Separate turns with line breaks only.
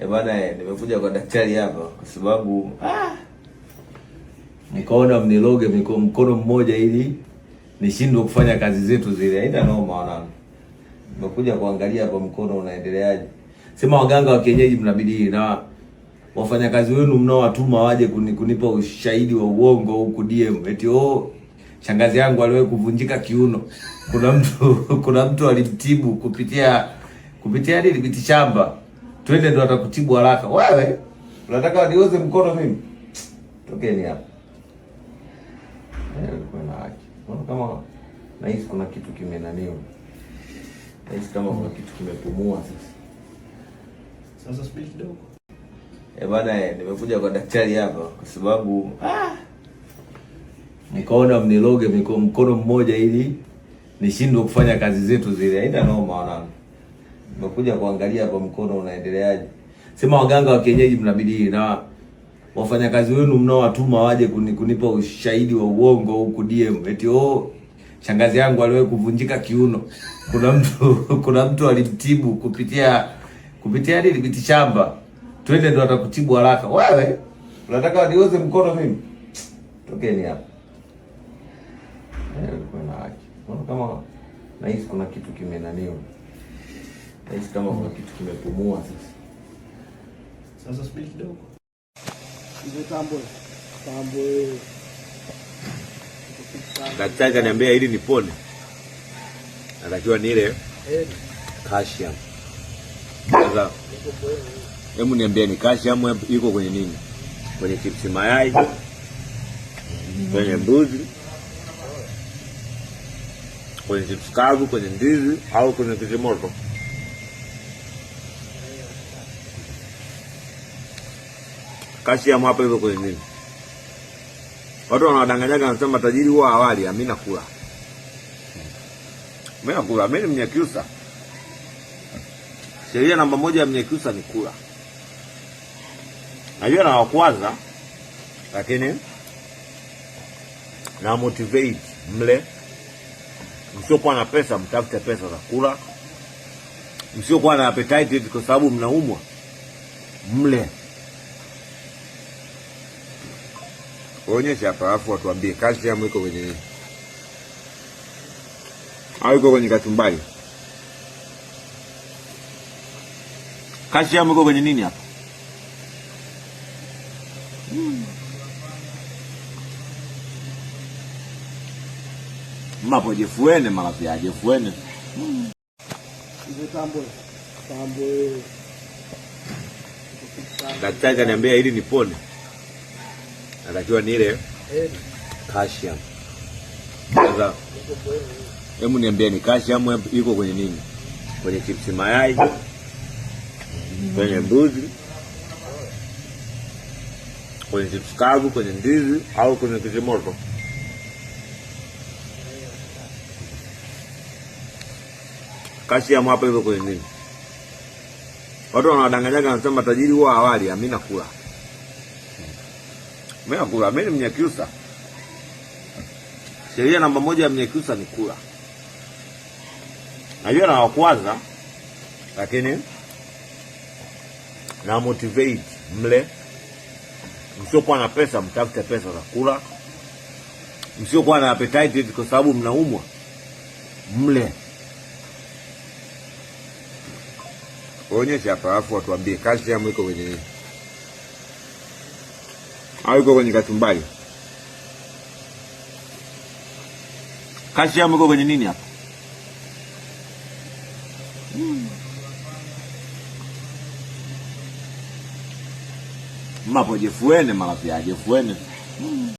Eh, bwana nimekuja kwa daktari hapa kwa sababu ah, nikaona mniloge mkono mmoja ili nishindwe kufanya kazi zetu zile. Haina noma wanangu. Nimekuja kuangalia hapa mkono unaendeleaje. Sema waganga wa kienyeji mnabidi na wafanyakazi wenu mnaowatuma waje kunipa ushahidi wa uongo huku DM. Eti oh, shangazi yangu aliwahi kuvunjika kiuno. Kuna mtu kuna mtu alimtibu kupitia kupitia nini? Miti shamba twende ndo atakutibu haraka. Wewe unataka niweze mkono mimi? Tokeni hapa. Eh, haki Kuna Kama nahisi kuna kitu kimenaniwa, nahisi kama kuna kitu kimepumua sasa. Sasa subiri kidogo eh, bana, eh, nimekuja kwa daktari hapa kwa sababu ah, nikaona mniloge mikono mmoja ili nishindwe kufanya kazi zetu zile. Haina noma wanangu. Nimekuja kuangalia kwa mkono unaendeleaje. Sema waganga wa kienyeji mnabidi na wafanyakazi wenu mnaowatuma waje kunipa ushahidi wa uongo huku DM. Eti oh, shangazi yangu aliwahi kuvunjika kiuno. Kuna mtu kuna mtu alimtibu kupitia kupitia hadi miti shamba. Twende ndo atakutibu haraka. Wewe unataka niuze mkono mimi? Tokeni hapa. Eh, kuna haki. Kama nahisi kuna kitu kimenaniwa. Nahisi kama kuna kitu kimepumua sasa.
Sasa subiri kidogo.
Daktari kaniambia ili nipone natakiwa nile calcium. Sasa hebu niambieni, calcium iko kwenye nini? Kwenye chipsi mayai, kwenye mbuzi, kwenye chipsi kavu, kwenye ndizi au kwenye kitimoto? kashia hapa hivyo kwenye nini. Watu wanawadanganyaga wanasema tajiri huwa awali, mimi nakula mimi nakula, mimi ni Mnyakyusa. Sheria namba moja ya Mnyakyusa ni kula. Najua nawakwaza, lakini na motivate mle. Msiokuwa na pesa, mtafute pesa za kula. Msiokuwa na appetite kwa sababu mnaumwa, mle. waonyeshe hapa, alafu watuambie calcium iko kwenye nini au iko kwenye kachumbari. Calcium iko kwenye nini hapa? Hmm. Mapo jefuene malafi ya jefuene daktari kaniambia ili nipone natakiwa ni ile calcium. Sasa hebu ni calcium iko kwenye nini? Kwenye chipsi mayai, kwenye mbuzi, kwenye chipsi kavu, kwenye ndizi au kwenye kitimoto? Calcium hapa iko kwenye nini? Watu wanawadanganyaga, wanasema tajiri huwa hawali, mimi kula mimi nakula, mimi ni Mnyakyusa. Sheria namba moja ya Mnyakyusa ni kula. Najua na lakini na motivate mle. Msiokuwa na pesa, mtafute pesa za kula. Msiokuwa na appetite kwa sababu mnaumwa, mle. Onyesha hapa, afu watuambie calcium iko kwenye nini au iko kwenye kachumbari? Kashiamu iko kwenye nini hapa? Hmm. Mapo jefuene marapiajefuene